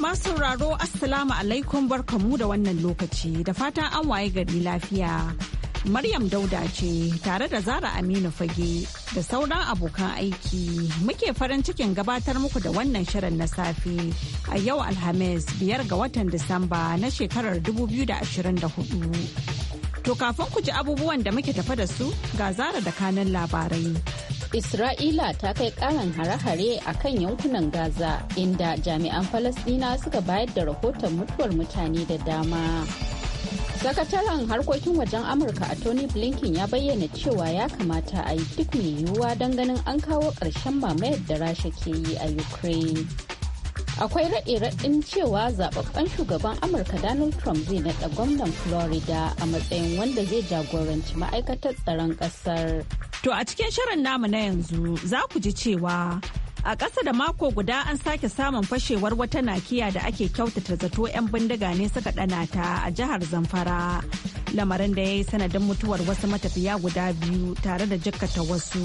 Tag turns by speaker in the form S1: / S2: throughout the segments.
S1: masu sauraro Assalamu alaikum barkamu da wannan lokaci da fatan an waye gari lafiya. Maryam Dauda ce tare da Zara Aminu Fage da sauran abokan aiki muke farin cikin gabatar muku da wannan shirin na safe a yau Alhamis biyar ga watan Disamba na shekarar 2024. To kafin ku ji abubuwan da muke tafa da su ga Zara da kanan labarai. Isra'ila
S2: ta kai karin hare-hare a kan yankunan Gaza inda jami'an Falasdina suka bayar da rahoton mutuwar mutane da dama. Sakataren harkokin wajen Amurka a Tony Blinken ya bayyana cewa ya kamata a yi duk mai yiwuwa don ganin an kawo ƙarshen mamayar da Rasha ke yi a Ukraine. akwai raɗe-raɗin cewa zaɓaɓɓen shugaban amurka donald trump zai naɗa gwamnan florida a matsayin wanda zai jagoranci ma'aikatar tsaron ƙasar
S1: to a cikin shirin namu na yanzu za ku ji cewa a ƙasa da mako guda an sake samun fashewar wata nakiya da ake kyautata zato 'yan bindiga ne suka ɗana ta a jihar zamfara lamarin da ya yi sanadin mutuwar wasu matafiya guda biyu tare da jikkata wasu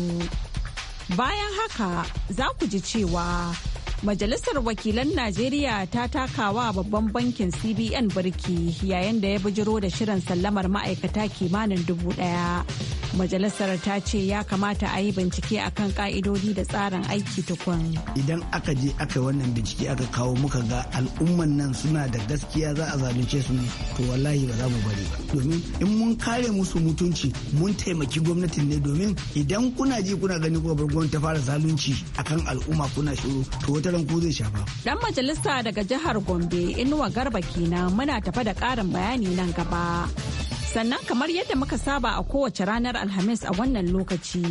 S1: bayan haka za ku ji cewa Majalisar Wakilan Najeriya ta takawa babban bankin CBN birki yayin da ya bijiro da shirin sallamar ma'aikata kimanin dubu ɗaya. Majalisar ta ce ya kamata a yi bincike akan ka'idodi da tsarin aiki tukun.
S3: Idan aka je aka wannan bincike aka kawo muka ga al'umman nan suna da gaskiya za a zalunce su ne to wallahi ba za mu bari ba. Domin in mun kare musu mutunci mun taimaki gwamnatin ne domin idan kuna je kuna gani kuma gwamnati ta fara zalunci akan al'umma kuna shiru to wata ɗan ko zai shafa.
S1: Dan majalisa daga jihar Gombe Inuwa Garba kenan muna tafa da karin bayani nan gaba. Sannan kamar yadda muka saba a kowace ranar Alhamis a wannan lokaci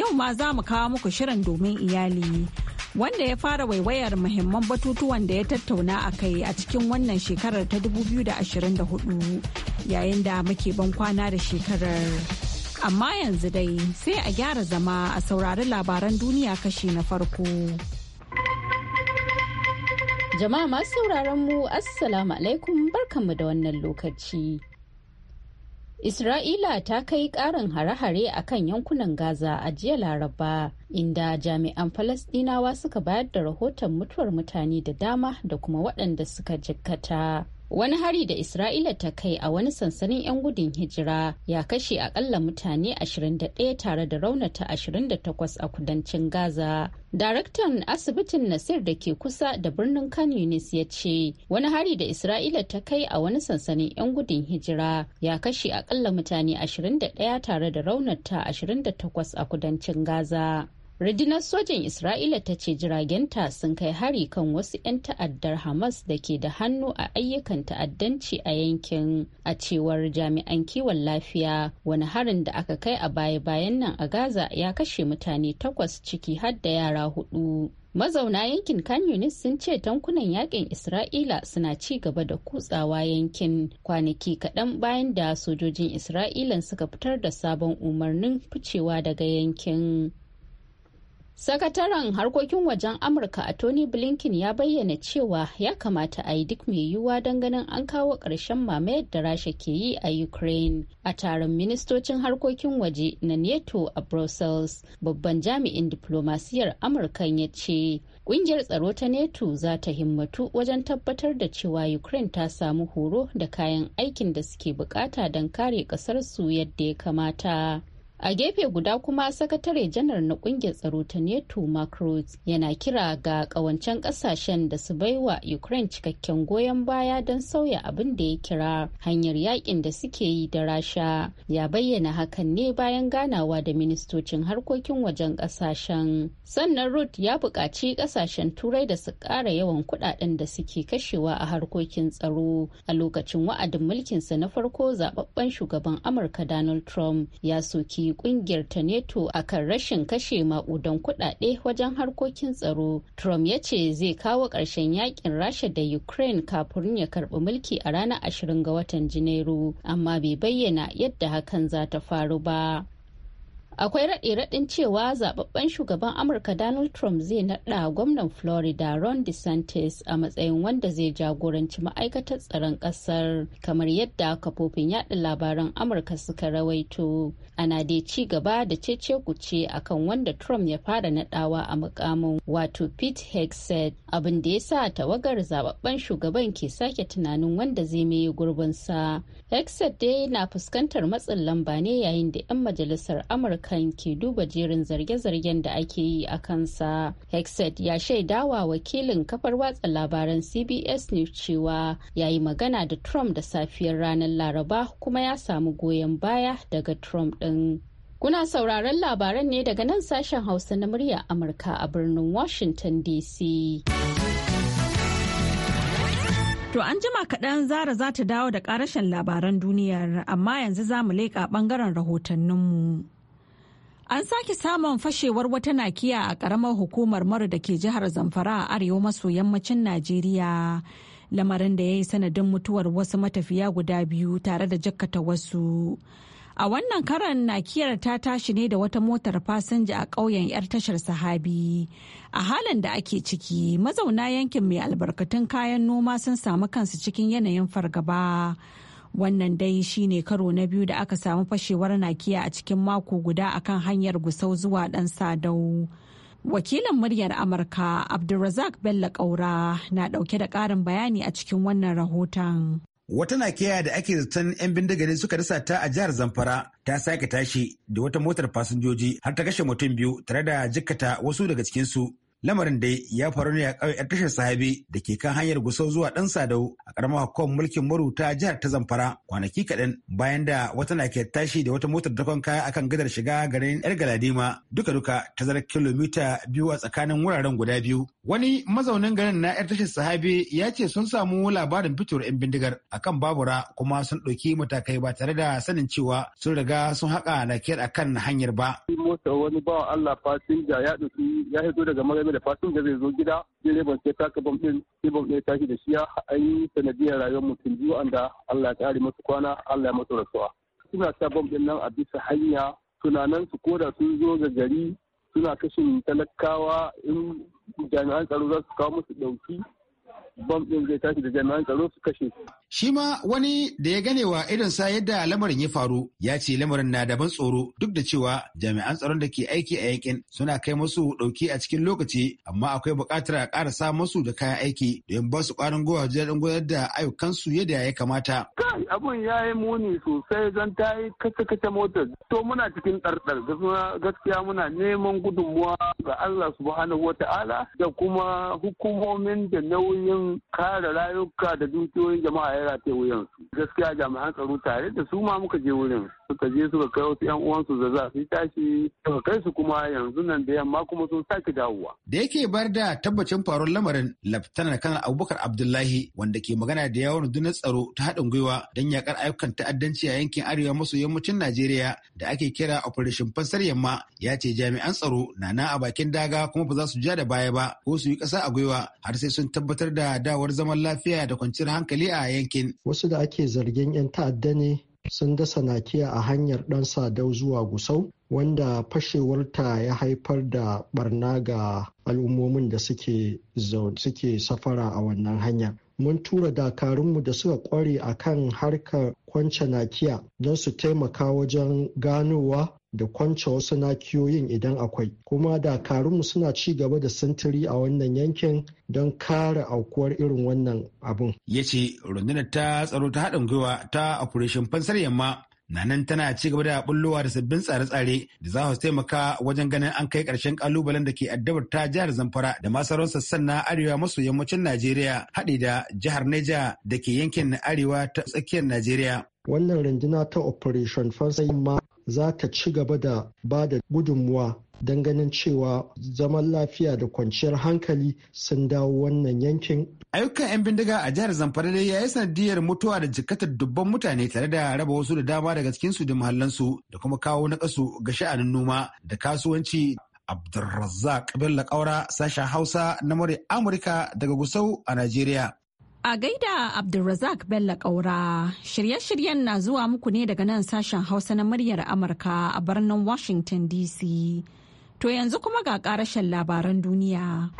S1: yau ma za mu kawo muku shirin domin iyali. Wanda ya fara waiwayar muhimman batutuwan da ya tattauna a kai a cikin wannan shekarar ta 2024 yayin da muke ban kwana da shekarar. amma yanzu dai sai a gyara zama a saurari labaran duniya kashi na farko. Jama'a masu
S2: sauraron mu Assalamu alaikum barkanmu da wannan lokaci. Isra'ila ta kai ƙarin hare-hare a kan yankunan Gaza a jiya Laraba, inda jami'an Falasɗinawa suka bayar da rahoton mutuwar mutane da dama da kuma waɗanda suka jikkata. Wani hari da Isra'ila ta kai a wani sansanin 'yan gudun hijira ya kashe akalla mutane 21 tare da raunata 28 a kudancin Gaza. Daraktan asibitin Nasir da ke kusa da birnin Khan Yunis ya ce, wani hari da Isra'ila ta kai a wani sansanin 'yan gudun hijira ya kashe akalla mutane 21 tare da raunata 28 a kudancin Gaza. rundunar sojan isra'ila ta ce jiragenta sun kai hari kan wasu 'yan ta'addar hamas da ke da hannu a ayyukan ta'addanci a yankin a cewar jami'an kiwon lafiya wani harin da aka kai a baya-bayan nan a gaza ya kashe mutane takwas ciki har da yara hudu mazauna yankin kan sun ce tankunan yakin isra'ila suna ci gaba da kutsawa yankin kwanaki kaɗan bayan da sojojin isra'ilan suka fitar da sabon umarnin ficewa daga yankin Sakataren harkokin wajen Amurka a Tony Blinken ya bayyana cewa ya kamata a yi duk mai yiwuwa don ganin an kawo ƙarshen mamayar da Rasha ke yi a Ukraine. A taron ministocin harkokin waje na NATO a Brussels, babban jami'in diplomasiyar Amurkan ya ce, Ƙungiyar tsaro ta NATO za ta himmatu wajen tabbatar da cewa Ukraine ta samu horo da kayan aikin da suke bukata don kare ƙasarsu yadda ya kamata. a gefe guda kuma sakatare janar na kungiyar tsaro ta nato macros yana kira ga kawancen kasashen da su baiwa ukraine cikakken goyon baya don sauya abin da ya kira hanyar yakin da suke yi da rasha ya bayyana hakan ne bayan ganawa da ministocin harkokin wajen kasashen sannan Ruth ya buƙaci kasashen turai da su ƙara yawan kuɗaɗen da suke kashewa a harkokin tsaro a lokacin wa'adin mulkinsa na farko zababben shugaban amurka donald trump ya soki ƙungiyar kungiyar ta neto akan rashin kashe maƙudan kuɗaɗe wajen harkokin tsaro trump ya ce zai kawo ƙarshen yakin rasha da ukraine kafin ya karɓi mulki a ranar 20 ga watan janairu amma bai bayyana yadda hakan za ta faru ba akwai raɗe-raɗin cewa zaɓaɓɓen shugaban amurka donald trump zai naɗa gwamnan florida ron desantis a matsayin wanda zai jagoranci ma'aikatar tsaron ƙasar kamar yadda kafofin yaɗa labaran amurka suka rawaito ana dai ci gaba da cece kuce akan wanda trump ya fara naɗawa a mukamin wato pete Hegseth, abin da ya sa tawagar zaɓaɓɓen shugaban ke sake tunanin wanda zai mai gurbinsa Hegseth dai na fuskantar matsin lamba ne yayin da 'yan majalisar amurka kan ke duba jerin zarge-zargen da ake yi a kansa hexet ya shaidawa wakilin kafar watsa labaran cbs ne cewa ya yi magana da trump da safiyar ranar laraba kuma ya samu goyon baya daga trump ɗin Kuna sauraron labaran ne daga nan sashen Hausa na murya
S1: Amurka a birnin Washington DC. To an jima kaɗan zara za ta dawo da ƙarashen labaran duniyar amma yanzu za mu leƙa ɓangaren rahotanninmu. An sake samun fashewar wata nakiya a ƙaramar hukumar mara da ke jihar Zamfara a arewa maso yammacin Najeriya. Lamarin da ya yi sanadin mutuwar wasu matafiya guda biyu tare da jakkata wasu. A wannan karan nakiyar ta tashi ne da wata motar fasinja a ƙauyen 'yar tashar sahabi. A halin da ake ciki, mazauna yankin mai albarkatun kayan noma sun samu kansu cikin yanayin fargaba. wannan dai shine karo na biyu da aka samu fashewar nakiya a cikin mako guda akan hanyar gusau zuwa dan sadau wakilin muryar amurka abdulrazak bello kaura na dauke da karin bayani a cikin wannan rahoton
S4: wata nakiya da ake zaton 'yan bindiga suka rasa ta a jihar zamfara ta sake tashi da wata motar fasinjoji har ta kashe mutum biyu tare da jikkata wasu daga cikinsu Lamarin dai ya faru ne a ƙauyen tashar sahabi da ke kan hanyar gusau zuwa ɗan sadau a ƙaramar hukumar mulkin maru ta jihar ta zamfara kwanaki kaɗan bayan da wata na ke tashi da wata motar dakon kaya akan gadar shiga garin yar galadima duka-duka ta tazarar kilomita biyu a tsakanin wuraren guda biyu Wani mazaunin garin na 'yar tashar sahabe ya ce sun samu labarin fitowar 'yan bindigar a kan babura kuma sun ɗauki matakai ba tare da sanin cewa sun riga sun haƙa a kan hanyar ba.
S3: Mota wani bawa Allah fasinja ya ɗauki ya hito daga magana da fasinja zai zo gida direban sai taka bam ɗin sai bam ɗin tashi da shi ya yi sanadiyar rayuwar mutum biyu anda Allah ya ƙare masu kwana Allah ya masu rasuwa. Suna sa bam ɗin nan a bisa hanya tunanansu su koda sun zo ga gari suna kashin talakawa in jami'an tsaro za su kawo musu ɗauki bam ɗin zai tashi da jami'an tsaro su kashe su
S4: Shi ma wani da ya gane wa ganewa sa yadda lamarin ya faru ya ce lamarin na daban tsoro duk da cewa jami'an tsaron da ke aiki a yankin suna kai masu dauki a cikin lokaci amma akwai buƙatar a ƙara sa masu da kayan aiki don ba su ƙwarin gwiwa jiragen gudanar da ayyukansu yadda ya kamata.
S3: Kai abun ya yi muni sosai don ta kace-kace motar. To muna cikin ɗarɗar gaskiya muna neman gudunmuwa ga Allah subhanahu wa da kuma hukumomin da nauyin kare rayuka da dukiyoyin jama'a ya wuyan su gaskiya jami'an tsaro tare da su ma muka je wurin suka je suka kai wasu yan uwansu da za su tashi suka kai su kuma yanzu nan da yamma kuma sun sake dawowa.
S4: Da yake bar da tabbacin faruwar lamarin Laftanar Kanar Abubakar Abdullahi wanda ke magana da yawon rundunar tsaro ta haɗin gwiwa don yakar ayyukan ta'addanci a yankin arewa maso yammacin Najeriya da ake kira Operation Fansar Yamma ya ce jami'an tsaro na na a bakin daga kuma ba za su ja da baya ba ko su yi ƙasa a gwiwa har sai sun tabbatar da dawar zaman lafiya da kwanciyar hankali a yankin.
S5: Wasu da ake zargin 'yan ta'adda ne sun dasa nakiya a hanyar ɗan sadau zuwa gusau wanda fashewarta ya haifar da barna ga al'ummomin da suke safara a wannan hanyar. mun tura dakarunmu da suka kware a kan harkar kwance nakiya don su taimaka wajen ganowa da kwance wasu nakiyoyin idan akwai kuma dakarunmu suna ci gaba da sintiri a wannan yankin don kare aukuwar irin wannan abun.
S4: ya ce rundunar ta tsaro ta haɗin gwiwa ta operation fansar yamma na nan tana ci gaba da bullowa da sabbin tsare-tsare da za su taimaka wajen ganin an kai ƙarshen kalubalen da ke addabar ta jihar zamfara da ma sauran sassan na arewa maso yammacin najeriya haɗi da jihar neja da ke yankin arewa ta tsakiyar najeriya
S5: wannan runduna ta operation fansai ma za ta ci gaba da ba da gudunmuwa don ganin cewa zaman lafiya da kwanciyar hankali sun dawo wannan yankin
S4: ayyukan 'yan bindiga a jihar zamfara dai ya yi sanadiyar mutuwa da jikatar dubban mutane tare da raba wasu da dama daga cikinsu da muhallansu da kuma kawo nakasu ga sha'anin noma da kasuwanci Abdulrazak bello kaura sashen hausa na more amurka daga gusau a najeriya
S3: A
S1: gaida Abdulrazak Bello Kaura, shirye-shiryen na zuwa muku ne daga nan sashen Hausa na muryar Amurka a birnin Washington DC. To yanzu kuma ga karashen labaran duniya.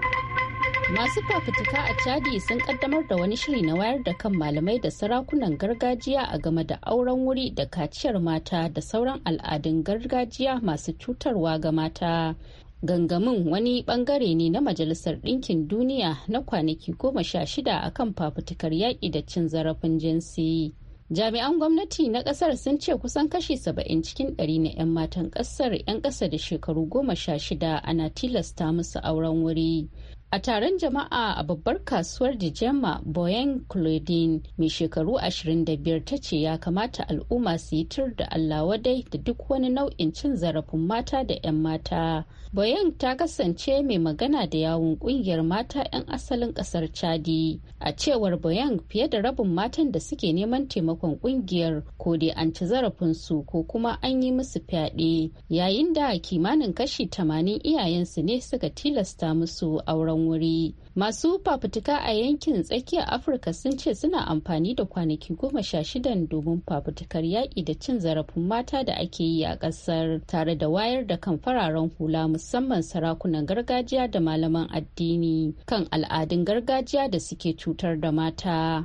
S2: masu fafutuka a chadi sun kaddamar da wani shiri na wayar da kan malamai da sarakunan gargajiya a game da auren wuri da kaciyar mata da sauran al'adun gargajiya masu cutarwa ga mata gangamin wani bangare ne na majalisar ɗinkin duniya na kwanaki goma sha shida a kan fafutukar yaƙi da cin zarafin jinsi jami'an gwamnati na ƙasar sun ce kusan kashi saba'in cikin ɗari na 'yan matan ƙasar 'yan ƙasa da shekaru goma sha shida ana tilasta musu auren wuri A taron jama'a a babbar kasuwar Dijema Boyen Claudine mai shekaru 25 ta ce ya kamata al'umma su yi tur da Allah wadai da duk wani nau'in cin zarafin mata da 'yan mata. Boyen ta kasance mai magana da yawun kungiyar mata 'yan asalin kasar Chadi. A cewar Boyen fiye da rabin matan da suke neman taimakon kungiyar ko dai an ci zarafinsu ko kuma an yi musu fyaɗe yayin da kimanin kashi 80 iyayensu ne suka tilasta musu auren babban wuri masu fafutuka a yankin tsakiyar afirka sun ce suna amfani da kwanaki goma sha shidan domin fafutukar yaƙi da cin zarafin mata da ake yi a ƙasar tare da wayar da kan fararen hula musamman sarakunan gargajiya da malaman addini kan al'adun gargajiya da suke cutar da mata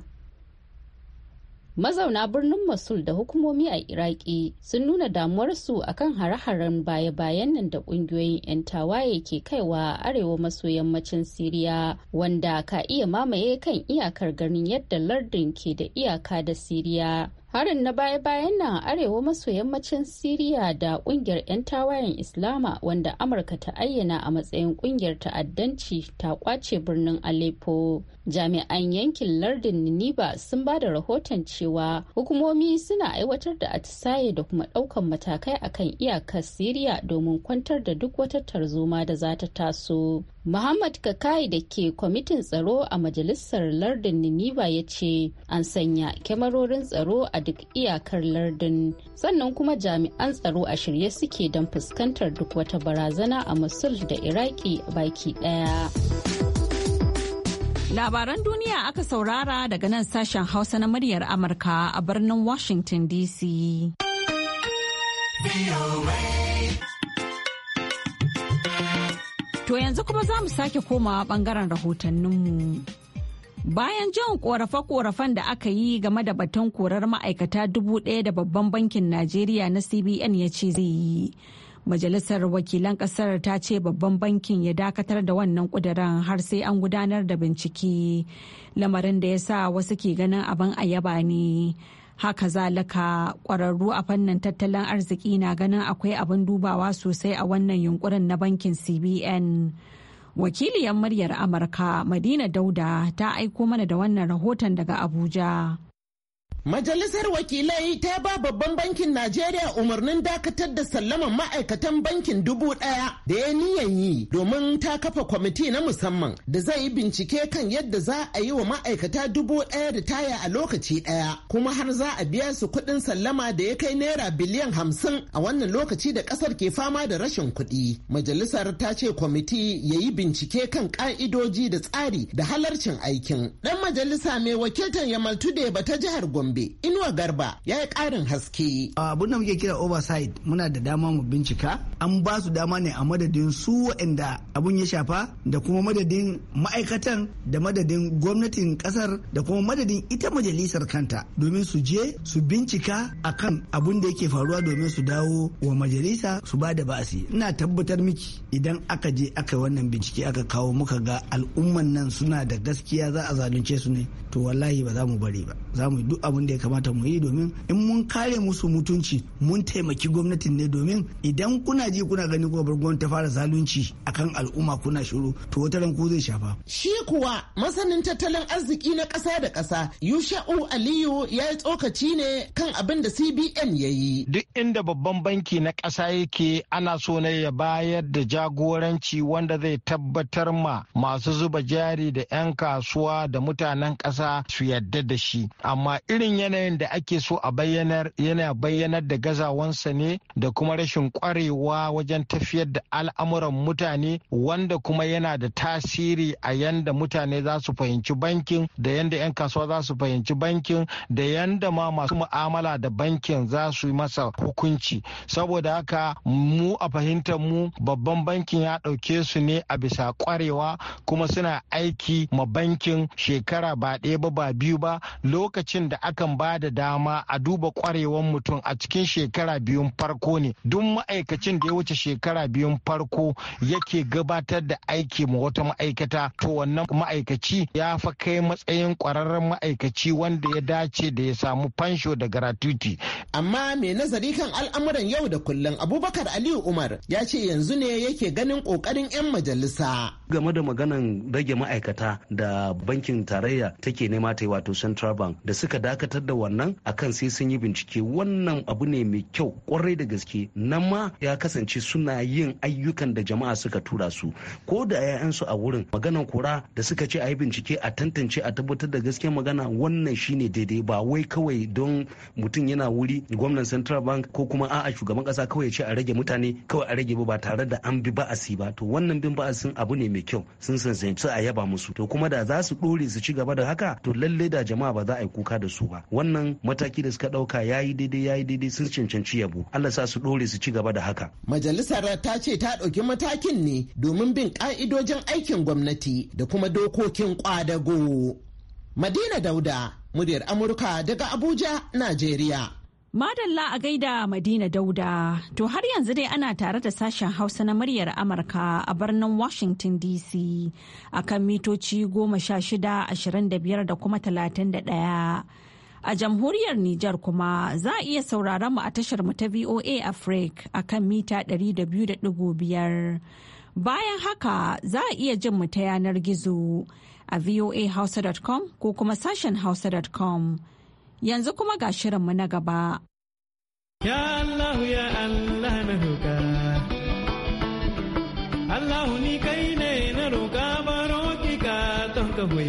S2: mazauna birnin mosul da hukumomi a iraki sun nuna damuwarsu akan hare-haren baya-bayan nan da kungiyoyin 'yan tawaye ke kaiwa arewa maso yammacin siriya wanda ka iya mamaye kan iyakar ganin yadda lardin ke da iyaka da siriya harin na baya-bayan nan arewa maso yammacin siriya da kungiyar 'yan tawayen islama wanda amurka ta ayyana a matsayin kungiyar ta'addanci ta kwace birnin aleppo jami'an yankin lardin niniba sun ba da rahoton cewa hukumomi suna aiwatar da atisaye da kuma daukan matakai akan iyakar siriya domin kwantar da duk wata tarzoma da za ta taso Muhammad Kakai da ke kwamitin tsaro a majalisar lardin Niniba ya ce an sanya kyamarorin tsaro a duk iyakar lardin sannan kuma jami'an tsaro a shirye suke don fuskantar duk wata barazana a musul da iraki
S1: baki daya labaran duniya aka saurara daga nan sashen hausa na muryar amurka a birnin washington dc To yanzu kuma za mu sake komawa bangaren rahotanninmu. Bayan jan korafe-korafen da aka yi game da batun korar ma'aikata dubu ɗaya da babban bankin Najeriya na CBN ya ce zai yi. Majalisar wakilan kasar ta ce babban bankin ya dakatar da wannan kudirin har sai an gudanar da bincike lamarin da ya sa wasu ke ganin abin ayaba ne. Haka zalaka kwararru a fannin tattalin arziki na ganin akwai abin dubawa sosai a wannan yunkurin na bankin CBN. wakiliyar muryar amurka madina dauda ta aiko mana da wannan rahoton daga abuja
S6: Majalisar Wakilai ta ba babban bankin Najeriya umarnin dakatar da sallaman ma'aikatan bankin dubu ɗaya da ya niyan yi domin ta kafa kwamiti na musamman da zai yi bincike kan yadda za a yi wa ma'aikata dubu ɗaya da taya a lokaci ɗaya kuma har za a biya su kuɗin sallama da ya kai naira biliyan hamsin a wannan lokaci da ƙasar ke fama da rashin kuɗi. Majalisar ta ce kwamiti ya yi bincike kan ƙa'idoji da tsari da halarcin aikin. Ɗan majalisa mai
S3: wakiltar Yamaltude ba ta jihar Gombe Gombe Inuwa Garba ya yi ƙarin haske. Abin da muke kira oversight muna da dama mu bincika an ba su dama ne a madadin su waɗanda abun ya shafa da kuma madadin ma'aikatan da madadin gwamnatin kasar da kuma madadin ita majalisar kanta domin su je su bincika a kan abun da yake faruwa domin su dawo wa majalisa su ba da ba'asi ina tabbatar miki idan aka je aka wannan bincike aka kawo muka ga al'umman nan suna da gaskiya za a zalunce su ne to wallahi ba za mu bari ba za mu yi duk abin da ya kamata mu yi domin in mun kare musu mutunci mun taimaki gwamnatin ne domin idan kuna ji kuna gani ko gwamnati ta fara zalunci akan al'umma kuna shiru to wata ran ku zai shafa
S6: shi kuwa masanin tattalin arziki na ƙasa da ƙasa yusha'u aliyu ya yi tsokaci ne kan abin da cbn ya yi duk
S5: inda babban banki na ƙasa yake ana so ne ya bayar da jagoranci wanda zai tabbatar ma masu zuba jari da 'yan kasuwa da mutanen ƙasa su yarda da shi amma irin yanayin da ake so a bayyanar yana bayyanar da gazawansa ne da kuma rashin kwarewa wajen tafiyar da al'amuran mutane wanda kuma yana da tasiri a yanda mutane za su fahimci bankin da yanda 'yan kasuwa za su fahimci bankin da yanda ma masu mu'amala da bankin za su yi masa hukunci saboda haka mu a fahimtar mu babban bankin ya ɗauke su ne a bisa kwarewa kuma suna aiki ma bankin shekara ba ɗaya ba ba biyu ba lokacin da aka yakan ba da dama a duba kwarewan mutum a cikin shekara biyun farko ne duk ma'aikacin da ya wuce shekara biyun farko yake gabatar da aiki ma wata ma'aikata to wannan ma'aikaci ya fa kai matsayin kwararren
S6: ma'aikaci wanda ya dace da ya samu fansho da gratuity amma mai nazari kan al'amuran yau da kullum abubakar aliyu umar ya ce yanzu ne yake ganin kokarin 'yan majalisa
S3: game da maganan rage ma'aikata da bankin tarayya take nema ta yi wato
S4: central bank da suka dakata tabbatar da wannan akan sai sun yi bincike wannan abu ne mai kyau kwarai da gaske na ma ya kasance suna yin ayyukan da jama'a suka tura su ko da 'ya'yansu a wurin maganan kura da suka ce a yi bincike a tantance a tabbatar da gaske magana wannan shine daidai ba wai kawai don mutum yana wuri gwamnan central bank ko kuma
S3: a'a shugaban kasa kawai ce a rage mutane kawai a rage ba tare da an bi ba'asi ba to wannan bin ba'asin abu ne mai kyau sun sansanci a yaba musu to kuma da za su dore su ci gaba da haka to lallai da
S4: jama'a ba za a yi kuka da su ba wannan mataki da suka dauka yayi daidai yayi daidai sun cancanci yabo
S3: Allah sa su dore su ci gaba da haka
S6: majalisar ta ce ta dauki matakin ne domin bin ka'idojin aikin gwamnati da kuma dokokin kwadago Madina Dauda muryar Amurka daga Abuja Najeriya
S1: Madalla a gaida Madina Dauda, to har yanzu dai ana tare da sashen Hausa na muryar Amurka a birnin Washington DC a kan mitoci goma sha shida ashirin da da kuma talatin da ɗaya. A jamhuriyar Nijar kuma za a iya sauraron mu a tashar mu ta VOA Africa a kan mita 200.5. Bayan haka za a iya jin mu ta yanar gizo a voahausa.com ko kuma sashen hausa.com. Yanzu kuma ga shirin mu na gaba.
S3: Ya Allah ya Allah na roƙa. Allah ni kai ne na roƙa baro ki ka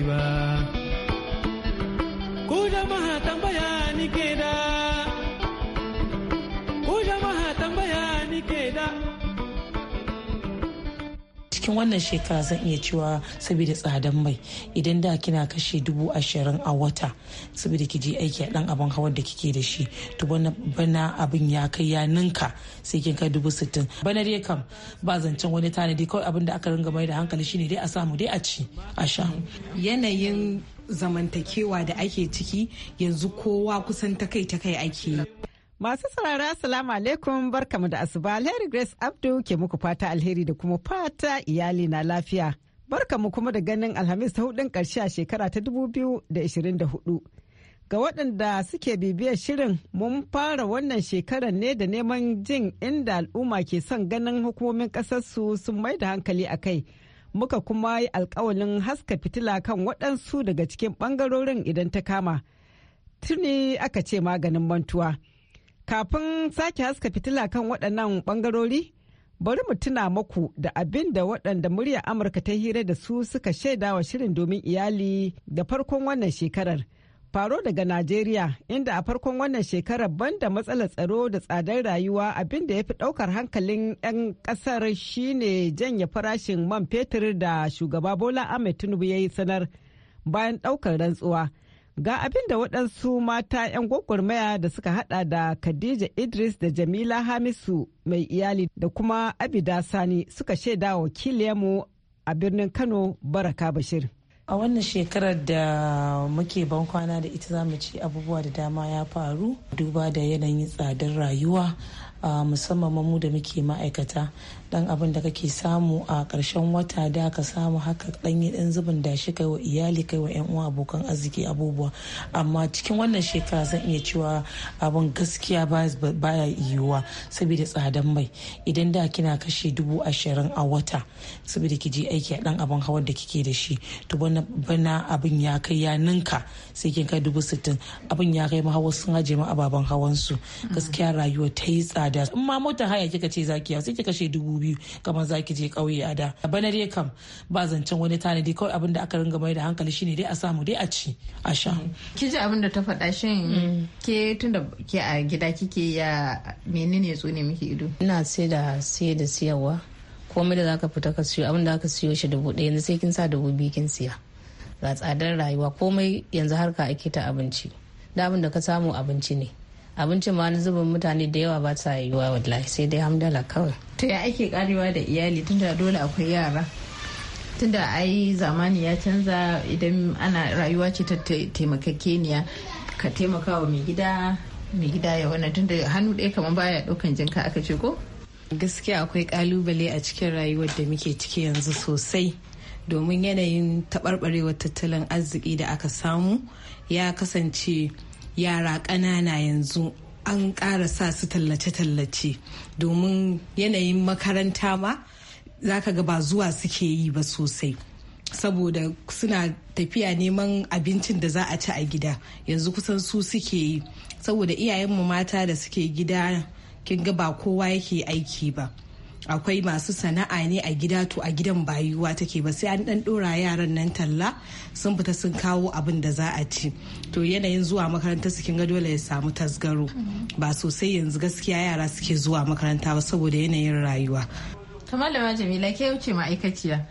S3: ba. ku jama'a tambaya ni ke da
S7: cikin wannan shekara zan iya cewa saboda tsadan mai idan da kina kashe dubu ashirin a wata saboda ki je aiki a dan abin hawan da kike da shi to bana abin ya kai ya ninka sai kin kai dubu sittin bana dai kam ba zancen wani tanadi kawai abin da aka ringa mai da hankali shine dai a samu dai a ci a sha yanayin zamantakewa da
S8: ake ciki yanzu kowa kusan ta kai ta kai ake
S9: Masu saurara salamu alaikum barkamu da asuba Alheri Grace Abdu ke muku fata alheri da kuma fata iyali na lafiya. Barkamu kuma da ganin Alhamis ta hudun karshe a shekara ta 2024. Ga waɗanda suke bibiyar shirin mun fara wannan shekarar ne da neman jin inda al'umma ke son ganin hukumomin ƙasarsu sun mai da hankali a kai. Muka kuma yi alkawalin haska fitila kan waɗansu daga cikin ɓangarorin idan ta kama. Tuni aka ce maganin mantuwa. Kafin sake haska fitila kan waɗannan ɓangarori, bari mu tuna maku da abin da waɗanda murya Amurka ta hira da su suka shaidawa shirin domin iyali da farkon wannan shekarar. Faro daga Najeriya, inda a farkon wannan shekarar banda matsalar tsaro da tsadar rayuwa abin da ya fi ɗaukar hankalin 'yan ƙasar shine janye farashin man fetur da shugaba Bola Ahmed Tinubu ya yi sanar bayan ɗaukar rantsuwa. Ga abin da waɗansu mata 'yan gwagwarmaya da suka hada da Khadija Idris da Jamila Hamisu mai iyali da kuma Abida Sani suka shaida wakiliyarmu a birnin Kano Baraka Bashir. A wannan shekarar da muke ban
S7: kwana da ita zamu ci abubuwa da dama ya faru duba da yanayin tsadar rayuwa ah, musamman mu da muke ma'aikata dan abin da kake samu a ƙarshen wata da ka samu haka dan yi dan zubin da shi kai wa iyali kai wa yan uwa abokan arziki abubuwa amma cikin wannan shekara zan iya cewa abin gaskiya baya yiwuwa saboda tsadan mai idan da kina kashe dubu ashirin a wata saboda ki aiki a dan abin hawan da kike da shi to bana abin ya kai ya ninka sai kin kai dubu sittin abin ya kai mahawa sun haje ma ababen hawan su mm. gaskiya rayuwa ta yi tsada in ma mota haya kika ce zakiya sai kika kashe dubu biyu kamar za ki je kauye a da bana dai kam ba zancen wani tanadi kawai abin da aka ringa mai da hankali shine dai a samu dai a ci a sha mm.
S10: ki ji abin da ta faɗa shin mm. ke tunda ke a gida kike ya menene tsone miki ido ina sai da sai da siyarwa komai da zaka fita ka siyo abin da aka siyo shi dubu ɗaya yanzu sai kin sa dubu biyu kin siya ga tsadar rayuwa komai yanzu harka ake ta abinci da abin da ka samu abinci ne abincin ma wani zubin mutane da yawa ba ta yiwuwa wallahi sai dai hamdala kawai to ya ake karewa da iyali tunda dole akwai yara tunda ai zamani ya canza idan ana rayuwa ce ta taimakakeniya ka taimaka wa mai gida mai gida ya wannan tunda hannu ɗaya kamar baya ɗaukan jinka aka ce ko gaskiya akwai kalubale a cikin rayuwar da muke ciki yanzu
S8: sosai domin yanayin taɓarɓarewar tattalin arziki da aka samu ya kasance yara ƙanana yanzu an ƙara sa su tallace-tallace domin yanayin makaranta ma za ka ga ba zuwa suke yi ba sosai saboda suna tafiya neman abincin da za a ci a gida yanzu kusan su suke yi saboda iyayenmu mata da suke gida kin ga ba kowa yake aiki ba akwai masu sana'a ne a gida to a gidan bayuwa take ba sai an dan dora yaran nan talla sun fita sun kawo abin da za a ci to yanayin zuwa makaranta su ga dole ya samu tasgaro ba sosai yanzu gaskiya yara suke zuwa makaranta ba saboda yanayin rayuwa
S10: kamar da jamila ke wuce ma'aikaciya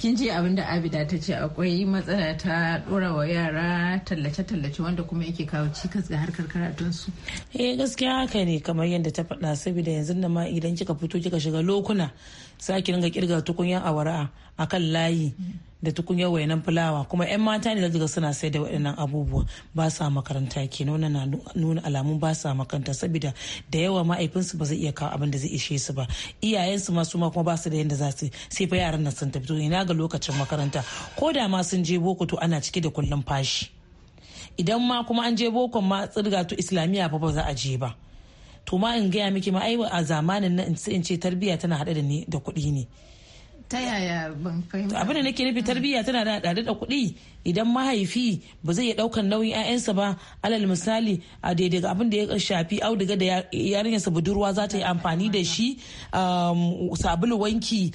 S10: kin ji abin da abida ta ce akwai matsala ta dora wa yara
S7: tallace-tallace wanda kuma yake kawo cikas ga harkar karatunsu eh gaskiya haka ne kamar yadda ta faɗa saboda yanzu na ma idan kika fito kika shiga lokuna sake ringa kirga tukunyan awara a kan layi da tukunyar wainan fulawa kuma 'yan mata ne daga suna sai da waɗannan abubuwa ba sa makaranta ke nuna na nuna alamun ba sa makaranta saboda da yawa ma'aifinsu ba zai iya kawo abin da zai ishe su ba iyayensu ma su ma kuma ba su da yadda za su sai fa yaran nan sun tafi to ina ga lokacin makaranta ko da ma sun je boko to ana cike da kullum fashi idan ma kuma an je bokon ma tsirga to islamiyya fa ba za a je ba to ma in gaya miki ma ai a zamanin na in ce tarbiyya tana haɗe da ni da kuɗi ne ta yaya ban fahimta abin da nake nufi tarbiyya tana da dare da kuɗi idan mahaifi ba zai iya ɗaukar nauyin 'ya'yansa ba alal misali a daidai abin da ya shafi auduga da yarinyarsa budurwa za ta yi amfani da shi um, sabulu wanki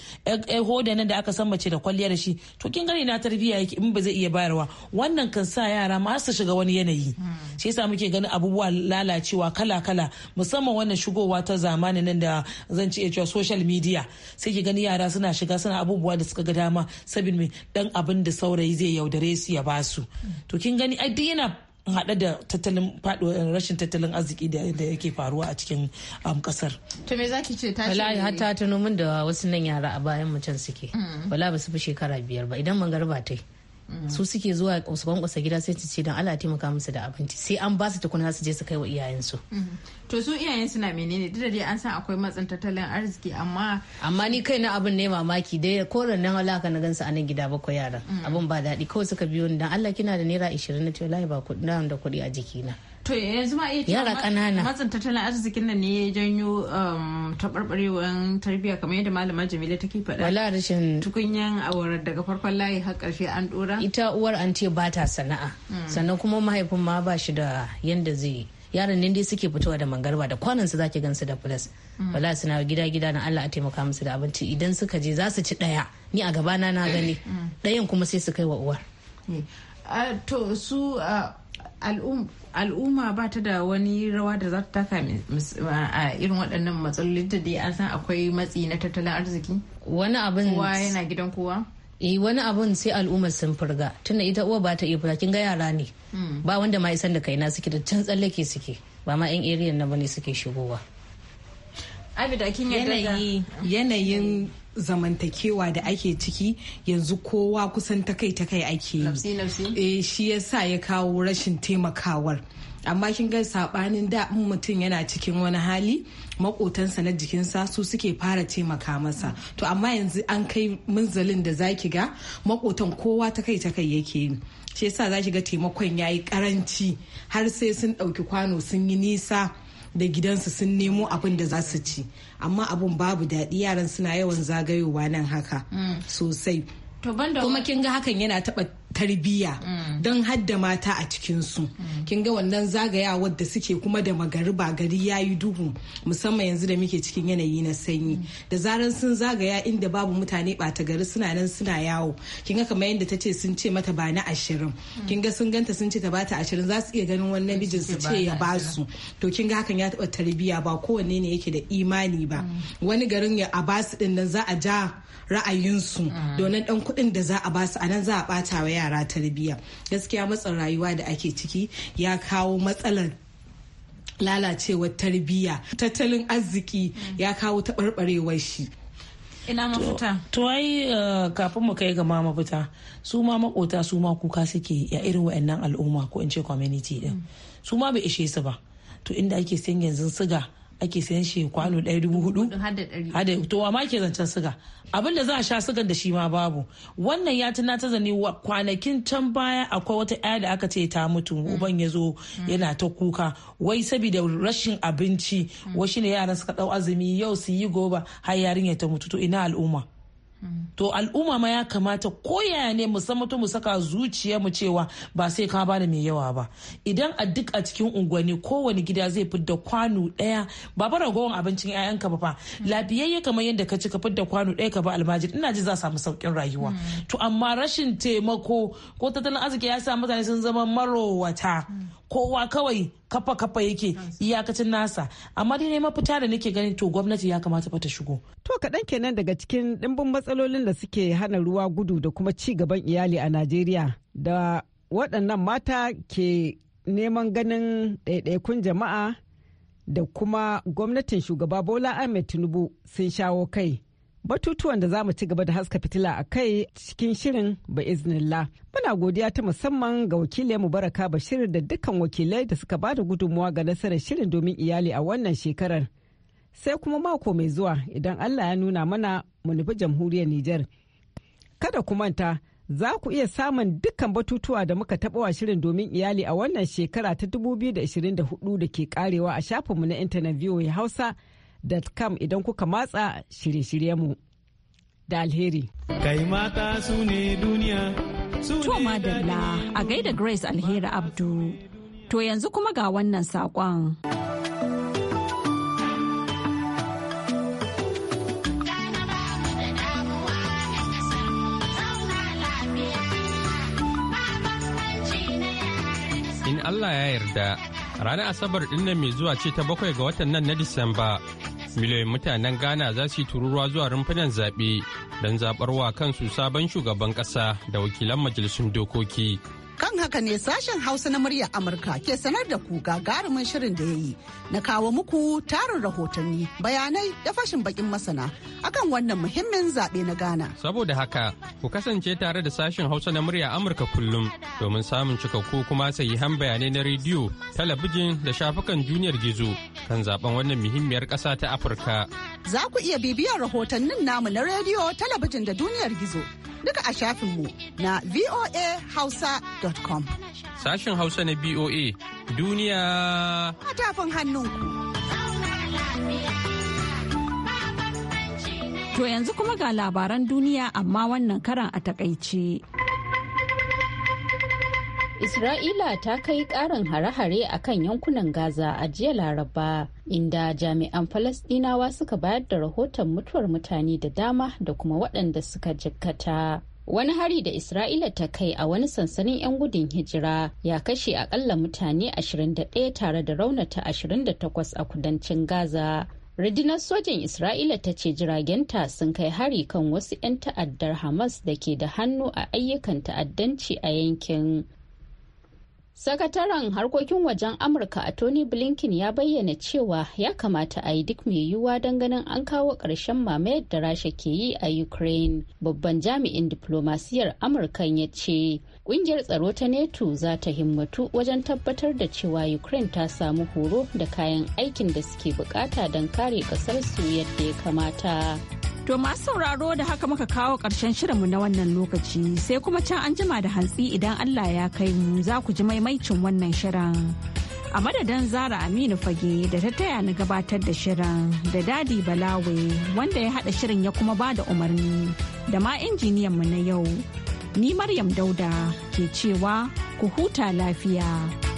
S7: hoda nan da aka san mace da kwalliya da shi to kin gani na tarbiyya yake in ba zai iya bayarwa wannan kan sa yara ma su shiga wani yanayi hmm. shi yasa muke ganin abubuwa lalacewa kala kala musamman wannan shigowa ta zamanin nan da zan ce social media sai ki gani yara suna shiga suna abubuwa da suka ga dama sabin mai dan abin da saurayi zai yaudare su ya basu to kin gani ai duk yana haɗe da tattalin faɗuwar rashin tattalin arziki da yake faruwa a cikin kasar. Um,
S10: to me zaki ce tashi? Wallahi har ta tuno
S7: da wasu nan yara a bayan mutum suke.
S10: Mm. Wala ba su fi shekara biyar ba idan mangarba ta yi. su suke zuwa su kwankwasa gida sai su ce don Allah taimaka musu da abinci sai an ba su tukuna su je su kai wa iyayensu. Mm-hmm. to su iyayen suna menene duk da dai an san akwai matsin tattalin arziki amma amma ni kai na abin ne mamaki dai ko nan ka na gansu a nan gida bakwai yaran mm. abin ba daɗi kawai suka biyo ni dan Allah kina da naira 20 na ce wallahi ba kuɗi da kuɗi a jikina. to yanzu ma iya eh, yara kanana matsin tattalin arzikin nan ne ya janyo um, taɓarɓarewar tarbiyya kamar yadda malama jamila take faɗa wala rashin tukunyan awara daga farkon layi har ƙarshe an ɗora ita uwar an ce bata sana'a hmm. sannan kuma mahaifin ma ba shi da yanda zai yaran nan dai suke fitowa da mangarba da kwanan su zaki gansu da plus hmm. wala suna gida gida na Allah a taimaka musu da abinci idan suka je za su ci ɗaya ni a gabana na gani dayan hmm. kuma sai su kai wa uwar eh, to su al'umma ba ta da wani rawa da za ta taka a irin waɗannan matsaloli da dai an san akwai matsi na tattalin arziki wani abin kowa yana gidan kowa eh wani abun sai al'umma sun furga tunda ita uwa ba ta iya furga kin ga yara ne hmm. ba wanda ma isan da kaina suke da can tsallake suke ba ma yan area na bane suke shigowa
S8: yanayin zamantakewa da ake ciki yanzu kowa kusan takai takai ake yi eh shi yasa ya kawo rashin taimakawar amma kin ga sabanin da mutum yana cikin wani hali makotansa na jikinsa su suke fara taimaka masa to amma yanzu an kai munzalin da zaki ga makotan kowa ta kai ta kai yake yi shi yasa zaki ga taimakon yayi karanci har sai sun ɗauki kwano sun yi nisa da gidansu sun nemo abin da za su ci amma abin babu daɗi yaran suna yawan zagayowa nan haka mm. sosai kuma kin ga hakan yana taɓa tarbiyya mm. don hadda mata a cikinsu mm. kin ga wannan zagayawar wadda suke kuma da magariba gari ya yi duhu musamman yanzu da muke cikin yanayi na sanyi mm. da zaran sun zagaya inda babu mutane bata gari suna nan suna yawo kin ga kamar yadda ta ce sun ce mata ba na ashirin kin ga sun ganta sun ce ta bata ashirin za su iya ganin wannan namijin su ce ya ba su to kin ga hakan ya taba tarbiyya ba kowanne ne yake da imani ba wani garin ya a basu din nan za a ja ra'ayinsu mm. domin dan kuɗin da za a basu a nan za a ɓata wa yara tarbiyya gaskiya matsin rayuwa da ake ciki ya kawo matsalar lalacewar tarbiyya tattalin
S7: arziki mm. ya kawo taɓarɓarewar shi
S1: ina mafita
S7: to ai eh, kafin mu kai ga ma mafita su ma makota su ma kuka suke ya irin wa'annan al'umma ko in ce community din mm. su ma bai ishe su ba to inda ake san yanzu siga ake sayan shi kwano ɗaya dubu hudu hada to amma ke zancen siga abin da za a sha sigar da shi ma babu wannan ya tuna ta zane kwanakin can baya akwai wata ɗaya da aka ce ta mutu mm. uban ya zo mm. yana ta kuka wai saboda rashin abinci mm. wasu ne yaran suka ɗau azumi yau su yi goba har yarinya ta mutu to ina al'umma to al'umma ma ya kamata ko yaya ne mu san mu saka zuciya mu cewa ba sai ka bani mai yawa ba idan a duk a cikin unguwanni kowane gida zai fidda kwano ɗaya. ba bara gowon abincin 'ya'yanka ba fa lafiyayye kamar yadda ka ci ka fidda kwano daya ka ba almajiri ina ji za samu saukin rayuwa hmm. to amma rashin taimako ko tattalin arziki ya sa mutane sun zama marowata hmm. kowa kawai kafa kafa yake iyakacin nasa amma dai ne mafita da
S9: nake ganin to gwamnati ya kamata fa ta shigo to kaɗan kenan daga cikin ɗimbin matsalolin da suke hana ruwa gudu da kuma ci gaban iyali a najeriya da waɗannan mata ke neman ganin ɗaiɗaikun jama'a da kuma gwamnatin shugaba bola ahmed tinubu sun shawo kai batutuwan da za mu ci gaba da haska fitila a kai cikin shirin ba iznillah. Muna godiya ta musamman ga wakilai mu Mubaraka Bashir da dukkan wakilai da suka ba da gudunmuwa ga nasarar shirin domin iyali a wannan shekarar. Sai kuma mako mai zuwa idan Allah ya nuna mana mu nufi jamhuriyar Nijar. Kada ku manta za ku iya samun dukkan batutuwa da muka taba wa shirin domin iyali a wannan shekara ta 2024 da ke karewa a shafinmu na intanet hausa. facebook.com idan kuka matsa shirye-shiryenmu da alheri. Kai mata su ne duniya. To dalla a gaida Grace Alheri Abdu.
S1: To yanzu kuma ga wannan saƙon.
S4: In Allah ya yarda, ranar Asabar ɗin mai zuwa ce ta bakwai ga watan nan na Disamba. miliyoyin mutanen ghana za su yi tururuwa zuwa rumfunan zaɓe don zaɓarwa kansu sabon shugaban ƙasa da wakilan majalisun dokoki
S2: Kan haka ne sashen Hausa na murya Amurka ke sanar da ku garumin shirin da ya yi na kawo muku tarin rahotanni, bayanai da fashin bakin masana akan wannan muhimmin zaɓe na Ghana.
S4: Saboda haka, ku kasance tare da sashen Hausa na murya Amurka kullum domin samun cikakku kuma han bayanai na rediyo, talabijin da shafukan duniyar gizo kan zaben wannan muhimmiyar ƙasa ta Afirka.
S2: Za ku iya bibiyar rahotannin namu na rediyo, talabijin da duniyar gizo duka a shafinmu na voa hausa hausa.com.
S4: Sashen Hausa na BOA duniya
S2: a
S1: tafin hannunku. To yanzu kuma ga labaran duniya amma wannan karan a takaice. Isra'ila ta
S2: kai ƙarin hare-hare a kan yankunan Gaza a jiya Laraba, inda jami'an Falasɗinawa suka bayar da rahoton mutuwar mutane da dama da kuma waɗanda suka jikkata. wani hari da isra'ila ta kai a wani sansanin 'yan gudun hijira ya kashe akalla mutane 21 tare da raunata 28 a kudancin gaza rundunar sojin isra'ila ta ce jiragenta sun kai hari kan wasu 'yan ta'addar hamas da ke da hannu a ayyukan ta'addanci a yankin Sakataren harkokin wajen Amurka a Tony Blinken ya bayyana cewa ya kamata a yi duk mai yiwuwa don ganin an kawo ƙarshen mamayar da Rasha ke yi a Ukraine. Babban jami'in diplomasiyar Amurkan ya ce, ƙungiyar tsaro ta NATO za ta himmatu wajen tabbatar da cewa Ukraine ta samu horo da kayan aikin da suke bukata don kare
S1: ƙasarsu yadda ya kamata. To masu sauraro da haka muka kawo ƙarshen shirinmu na wannan lokaci sai kuma can an jima da hantsi idan Allah ya kai mu za ku ji maimaicin wannan shirin. A madadin Zara Aminu Fage da ta taya ni gabatar da shirin da Dadi Balawe wanda ya haɗa shirin ya kuma ba da umarni da ma injiniyanmu na yau. Ni Maryam Dauda ke cewa ku huta lafiya.